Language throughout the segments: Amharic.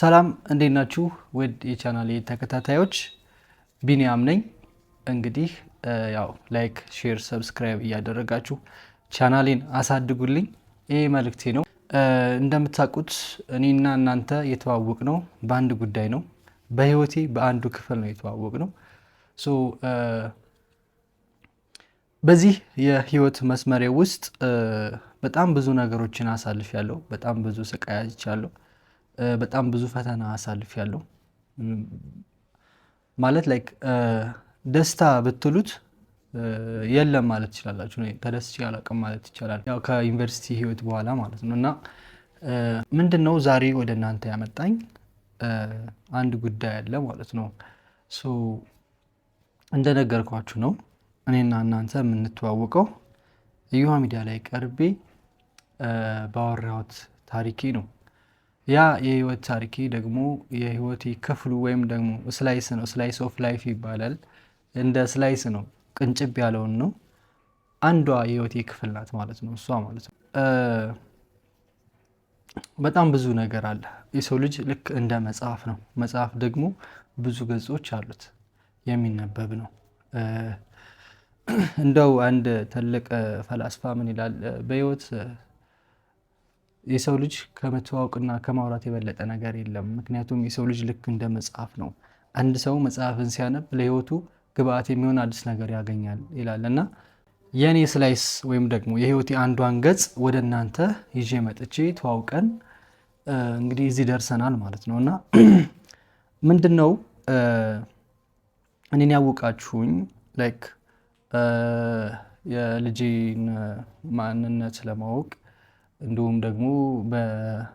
ሰላም እንዴት ናችሁ? ውድ የቻናል ተከታታዮች ቢኒያም ነኝ። እንግዲህ ያው ላይክ፣ ሼር፣ ሰብስክራይብ እያደረጋችሁ ቻናሌን አሳድጉልኝ። ይሄ መልእክቴ ነው። እንደምታውቁት እኔና እናንተ የተዋወቅ ነው በአንድ ጉዳይ ነው። በህይወቴ በአንዱ ክፍል ነው የተዋወቅ ነው። በዚህ የህይወት መስመሬ ውስጥ በጣም ብዙ ነገሮችን አሳልፍ ያለው በጣም ብዙ ስቃይ አይቻለሁ። በጣም ብዙ ፈተና አሳልፍ ያለው ማለት ላይክ ደስታ ብትሉት የለም ማለት ትችላላችሁ። ተደስቼ አላውቅም ማለት ይቻላል። ያው ከዩኒቨርሲቲ ህይወት በኋላ ማለት ነው። እና ምንድን ነው ዛሬ ወደ እናንተ ያመጣኝ አንድ ጉዳይ አለ ማለት ነው። እንደነገርኳችሁ ነው እኔና እናንተ የምንተዋወቀው እዮሃ ሚዲያ ላይ ቀርቤ ባወራሁት ታሪኬ ነው። ያ የህይወት ታሪኬ ደግሞ የህይወቴ ክፍሉ ወይም ደግሞ ስላይስ ነው። ስላይስ ኦፍ ላይፍ ይባላል። እንደ ስላይስ ነው፣ ቅንጭብ ያለውን ነው። አንዷ የህይወቴ ክፍል ናት ማለት ነው፣ እሷ ማለት ነው። በጣም ብዙ ነገር አለ። የሰው ልጅ ልክ እንደ መጽሐፍ ነው። መጽሐፍ ደግሞ ብዙ ገጾች አሉት፣ የሚነበብ ነው። እንደው አንድ ትልቅ ፈላስፋ ምን ይላል በህይወት የሰው ልጅ ከመተዋወቅና ከማውራት የበለጠ ነገር የለም። ምክንያቱም የሰው ልጅ ልክ እንደ መጽሐፍ ነው። አንድ ሰው መጽሐፍን ሲያነብ ለህይወቱ ግብአት የሚሆን አዲስ ነገር ያገኛል ይላል እና የእኔ ስላይስ ወይም ደግሞ የህይወቴ አንዷን ገጽ ወደ እናንተ ይዤ መጥቼ ተዋውቀን እንግዲህ እዚህ ደርሰናል ማለት ነው እና ምንድን ነው እኔን ያወቃችሁኝ ላይክ የልጄን ማንነት ለማወቅ እንዲሁም ደግሞ በመጥፎ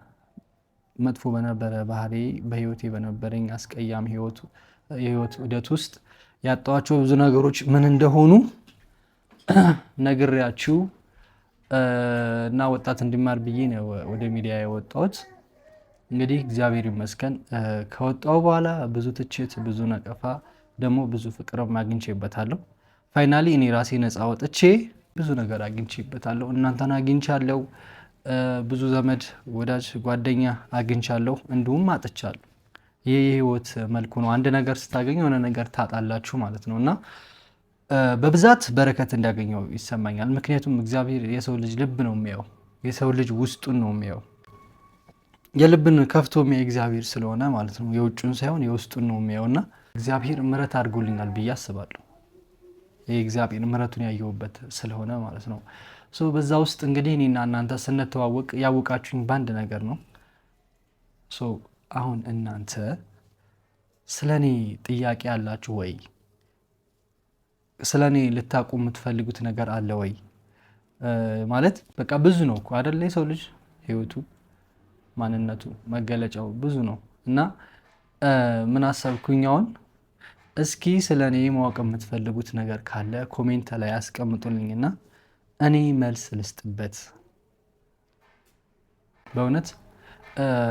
በነበረ ባህሪ በህይወቴ በነበረኝ አስቀያም የህይወት ውደት ውስጥ ያጣኋቸው ብዙ ነገሮች ምን እንደሆኑ ነግሬያችሁ እና ወጣት እንዲማር ብዬ ነው ወደ ሚዲያ የወጣሁት። እንግዲህ እግዚአብሔር ይመስገን ከወጣሁ በኋላ ብዙ ትችት፣ ብዙ ነቀፋ፣ ደግሞ ብዙ ፍቅር አግኝቼበታለሁ። ፋይናሊ እኔ ራሴ ነፃ ወጥቼ ብዙ ነገር አግኝቼበታለሁ። እናንተን አግኝቻለሁ። ብዙ ዘመድ ወዳጅ ጓደኛ አግኝቻለሁ፣ እንዲሁም አጥቻለሁ። ይህ የህይወት መልኩ ነው። አንድ ነገር ስታገኝ የሆነ ነገር ታጣላችሁ ማለት ነው እና በብዛት በረከት እንዳገኘው ይሰማኛል። ምክንያቱም እግዚአብሔር የሰው ልጅ ልብ ነው የሚያየው፣ የሰው ልጅ ውስጡን ነው የሚያየው። የልብን ከፍቶ የሚያይ እግዚአብሔር ስለሆነ ማለት ነው የውጩን ሳይሆን የውስጡን ነው የሚያየው እና እግዚአብሔር ምሕረት አድርጎልኛል ብዬ አስባለሁ። የእግዚአብሔር ምሕረቱን ያየሁበት ስለሆነ ማለት ነው። በዛ ውስጥ እንግዲህ እኔና እናንተ ስንተዋወቅ ያወቃችሁኝ በአንድ ነገር ነው። አሁን እናንተ ስለ እኔ ጥያቄ አላችሁ ወይ? ስለ እኔ ልታውቁ የምትፈልጉት ነገር አለ ወይ? ማለት በቃ ብዙ ነው እኮ አይደለ? የሰው ልጅ ህይወቱ፣ ማንነቱ፣ መገለጫው ብዙ ነው እና ምን አሰብኩኝ አሁን እስኪ ስለ እኔ ማወቅ የምትፈልጉት ነገር ካለ ኮሜንት ላይ አስቀምጡልኝና እኔ መልስ ልስጥበት። በእውነት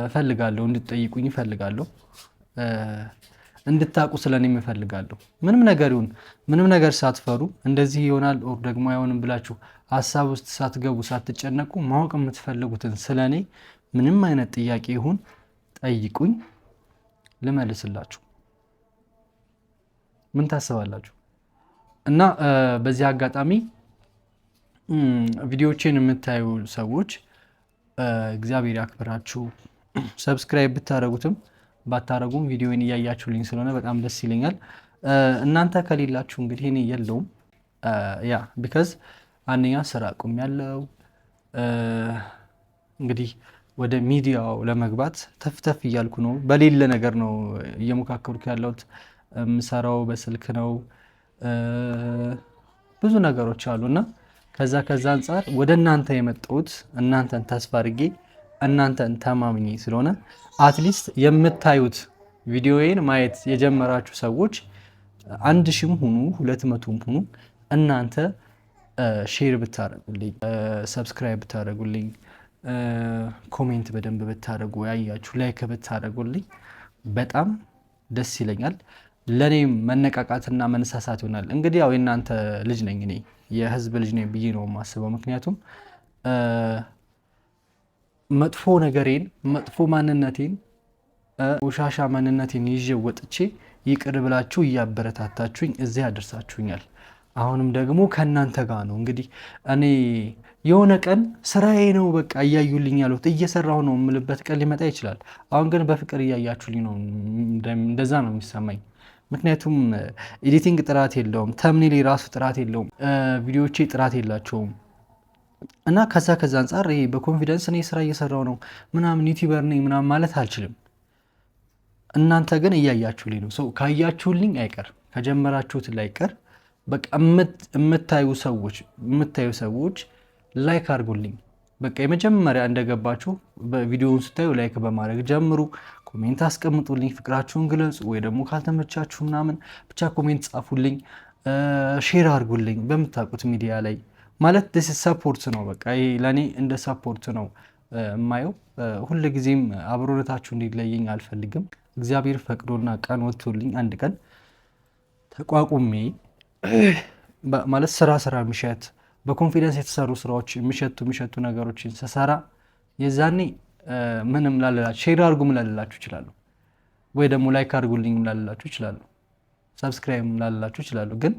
እፈልጋለሁ፣ እንድትጠይቁኝ እፈልጋለሁ፣ እንድታውቁ ስለ እኔም እፈልጋለሁ። ምንም ነገር ይሁን ምንም ነገር ሳትፈሩ እንደዚህ ይሆናል ኦር ደግሞ አይሆንም ብላችሁ ሀሳብ ውስጥ ሳትገቡ ሳትጨነቁ ማወቅ የምትፈልጉትን ስለ እኔ ምንም አይነት ጥያቄ ይሁን ጠይቁኝ፣ ልመልስላችሁ ምን ታስባላችሁ? እና በዚህ አጋጣሚ ቪዲዮዎችን የምታዩ ሰዎች እግዚአብሔር ያክብራችሁ። ሰብስክራይብ ብታደረጉትም ባታደረጉም ቪዲዮን እያያችሁልኝ ስለሆነ በጣም ደስ ይለኛል። እናንተ ከሌላችሁ እንግዲህ እኔ የለውም። ያ ቢከዝ አንደኛ ስራ ቁም ያለው እንግዲህ ወደ ሚዲያው ለመግባት ተፍተፍ እያልኩ ነው። በሌለ ነገር ነው እየሞካከርኩ ያለሁት። የምሰራው በስልክ ነው። ብዙ ነገሮች አሉ እና ከዛ ከዛ አንጻር ወደ እናንተ የመጣሁት እናንተን ተስፋ አድርጌ እናንተን ተማምኜ ስለሆነ አትሊስት የምታዩት ቪዲዮዬን ማየት የጀመራችሁ ሰዎች አንድ ሺም ሁኑ ሁለት መቶም ሁኑ እናንተ ሼር ብታደረጉልኝ፣ ሰብስክራይብ ብታደረጉልኝ፣ ኮሜንት በደንብ ብታደረጉ፣ ያያችሁ ላይክ ብታደረጉልኝ በጣም ደስ ይለኛል። ለእኔ መነቃቃትና መነሳሳት ይሆናል። እንግዲህ ያው የእናንተ ልጅ ነኝ እኔ የህዝብ ልጅ ነኝ ብዬ ነው የማስበው። ምክንያቱም መጥፎ ነገሬን መጥፎ ማንነቴን ውሻሻ ማንነቴን ይዤ ወጥቼ ይቅር ብላችሁ እያበረታታችሁኝ እዚህ ያደርሳችሁኛል። አሁንም ደግሞ ከእናንተ ጋር ነው እንግዲህ እኔ የሆነ ቀን ስራዬ ነው በቃ እያዩልኝ ያሉት እየሰራሁ ነው የምልበት ቀን ሊመጣ ይችላል። አሁን ግን በፍቅር እያያችሁልኝ ነው። እንደዛ ነው የሚሰማኝ። ምክንያቱም ኤዲቲንግ ጥራት የለውም፣ ተምኔሌ የራሱ ጥራት የለውም፣ ቪዲዮቼ ጥራት የላቸውም። እና ከዛ ከዛ አንጻር ይሄ በኮንፊደንስ እኔ ስራ እየሰራው ነው ምናምን ዩቲበር ነኝ ምናምን ማለት አልችልም። እናንተ ግን እያያችሁልኝ ነው። ሰው ካያችሁልኝ አይቀር ከጀመራችሁት ላይቀር በቃ የምታዩ ሰዎች የምታዩ ሰዎች ላይክ አድርጉልኝ። በቃ የመጀመሪያ እንደገባችሁ ቪዲዮውን ስታዩ ላይክ በማድረግ ጀምሩ። ኮሜንት አስቀምጡልኝ፣ ፍቅራችሁን ግለጹ፣ ወይ ደግሞ ካልተመቻችሁ ምናምን ብቻ ኮሜንት ጻፉልኝ፣ ሼር አድርጉልኝ በምታውቁት ሚዲያ ላይ ማለት ደስ ሰፖርት ነው። በቃ ለእኔ እንደ ሰፖርት ነው የማየው። ጊዜም አብሮነታችሁ እንዲለየኝ አልፈልግም። እግዚአብሔር ፈቅዶና ቀን ወጥቶልኝ አንድ ቀን ተቋቁሜ ማለት ስራ ስራ ምሸት በኮንፊደንስ የተሰሩ ስራዎች የሚሸቱ የሚሸቱ ነገሮችን ስሰራ የዛኔ ምንም ላልላችሁ ሼር አድርጉም ላልላችሁ ይችላሉ፣ ወይ ደግሞ ላይክ አድርጉልኝም ላልላችሁ ይችላሉ፣ ሰብስክራይብም ላልላችሁ ይችላሉ። ግን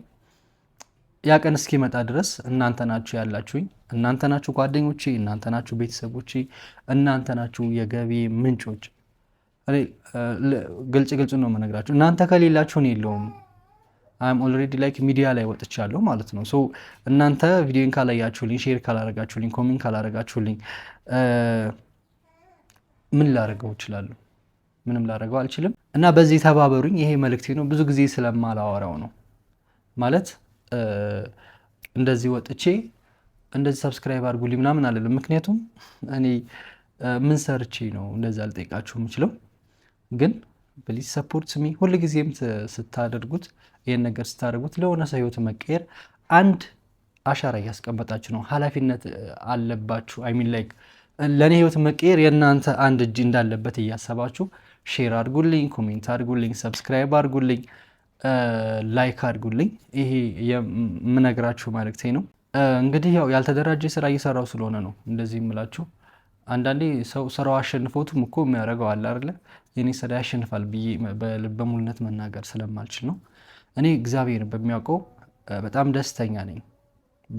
ያ ቀን እስኪመጣ ድረስ እናንተ ናችሁ ያላችሁኝ፣ እናንተ ናችሁ ጓደኞቼ፣ እናንተ ናችሁ ቤተሰቦቼ፣ እናንተ ናችሁ የገቢ ምንጮች። ግልጽ ግልጽ ነው የምነግራችሁ። እናንተ ከሌላችሁን የለውም። አም ኦልሬዲ ላይክ ሚዲያ ላይ ወጥቻለሁ ማለት ነው። እናንተ ቪዲዮን ካላያችሁልኝ፣ ሼር ካላረጋችሁልኝ፣ ኮሜንት ካላረጋችሁልኝ ምን ላደርገው እችላለሁ? ምንም ላደርገው አልችልም። እና በዚህ ተባበሩኝ፣ ይሄ መልእክቴ ነው። ብዙ ጊዜ ስለማላወራው ነው ማለት እንደዚህ ወጥቼ እንደዚህ ሰብስክራይብ አድርጉልኝ ምናምን አለልም። ምክንያቱም እኔ ምን ሰርቼ ነው እንደዚህ አልጠይቃችሁ የምችለው። ግን ፕሊዝ ሰፖርት ሚ። ጊዜም ስታደርጉት ይህን ነገር ስታደርጉት ለሆነ ሰው ህይወት መቀየር አንድ አሻራ እያስቀመጣችሁ ነው። ኃላፊነት አለባችሁ። አይሚን ላይክ ለእኔ ህይወት መቀየር የእናንተ አንድ እጅ እንዳለበት እያሰባችሁ ሼር አድርጉልኝ፣ ኮሜንት አድርጉልኝ፣ ሰብስክራይብ አድርጉልኝ፣ ላይክ አድርጉልኝ። ይሄ የምነግራችሁ መልእክቴ ነው። እንግዲህ ያው ያልተደራጀ ስራ እየሰራው ስለሆነ ነው እንደዚህ የምላችሁ። አንዳንዴ ሰው ስራው አሸንፎትም እኮ የሚያደርገው አለ አይደለ? የኔ ስራ ያሸንፋል ብዬ በልበሙልነት መናገር ስለማልችል ነው። እኔ እግዚአብሔር በሚያውቀው በጣም ደስተኛ ነኝ።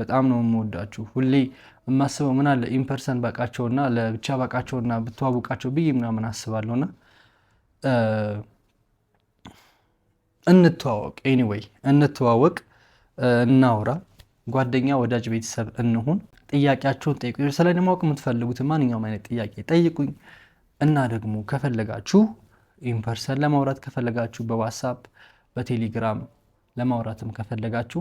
በጣም ነው የምወዳችሁ። ሁሌ የማስበው ምን አለ ኢምፐርሰን በቃቸውና ለብቻ በቃቸውና ብትዋውቃቸው ብዬ ምናምን አስባለሁና እንተዋወቅ። ኤኒዌይ እንተዋወቅ፣ እናውራ፣ ጓደኛ፣ ወዳጅ፣ ቤተሰብ እንሁን። ጥያቄያቸውን ጠይቁኝ። ስለ እኔ ማወቅ ማንኛውም አይነት ጥያቄ ጠይቁኝ እና ደግሞ ከፈለጋችሁ ኢምፐርሰን ለማውራት ከፈለጋችሁ በዋትሳፕ በቴሌግራም ለማውራትም ከፈለጋችሁ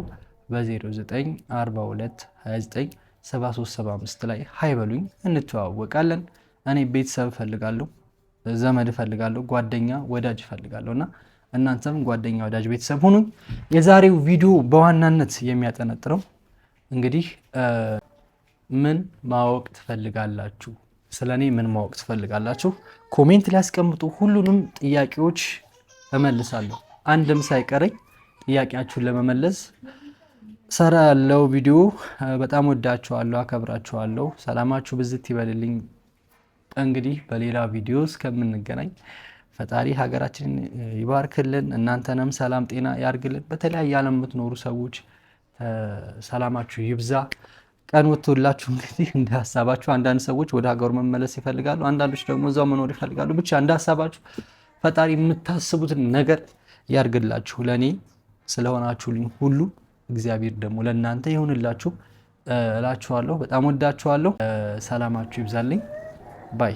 በ0942297375 ላይ ሀይበሉኝ እንተዋወቃለን። እኔ ቤተሰብ እፈልጋለሁ፣ ዘመድ እፈልጋለሁ፣ ጓደኛ ወዳጅ እፈልጋለሁ እና እናንተም ጓደኛ ወዳጅ ቤተሰብ ሁኑኝ። የዛሬው ቪዲዮ በዋናነት የሚያጠነጥረው እንግዲህ ምን ማወቅ ትፈልጋላችሁ፣ ስለ እኔ ምን ማወቅ ትፈልጋላችሁ? ኮሜንት ሊያስቀምጡ ሁሉንም ጥያቄዎች እመልሳለሁ፣ አንድም ሳይቀረኝ ጥያቄያችሁን ለመመለስ ሰራ ያለው ቪዲዮ በጣም ወዳችኋለሁ፣ አከብራችኋለሁ። ሰላማችሁ ብዝት ይበልልኝ። እንግዲህ በሌላ ቪዲዮ እስከምንገናኝ ፈጣሪ ሀገራችንን ይባርክልን፣ እናንተንም ሰላም ጤና ያርግልን። በተለያየ ዓለም የምትኖሩ ሰዎች ሰላማችሁ ይብዛ። ቀን ወጥቶላችሁ እንግዲህ እንደ ሀሳባችሁ፣ አንዳንድ ሰዎች ወደ ሀገሩ መመለስ ይፈልጋሉ፣ አንዳንዶች ደግሞ እዛው መኖር ይፈልጋሉ። ብቻ እንደ ሀሳባችሁ ፈጣሪ የምታስቡትን ነገር ያርግላችሁ። ለእኔ ስለሆናችሁልኝ ሁሉ እግዚአብሔር ደግሞ ለእናንተ ይሁንላችሁ እላችኋለሁ። በጣም ወዳችኋለሁ። ሰላማችሁ ይብዛልኝ ባይ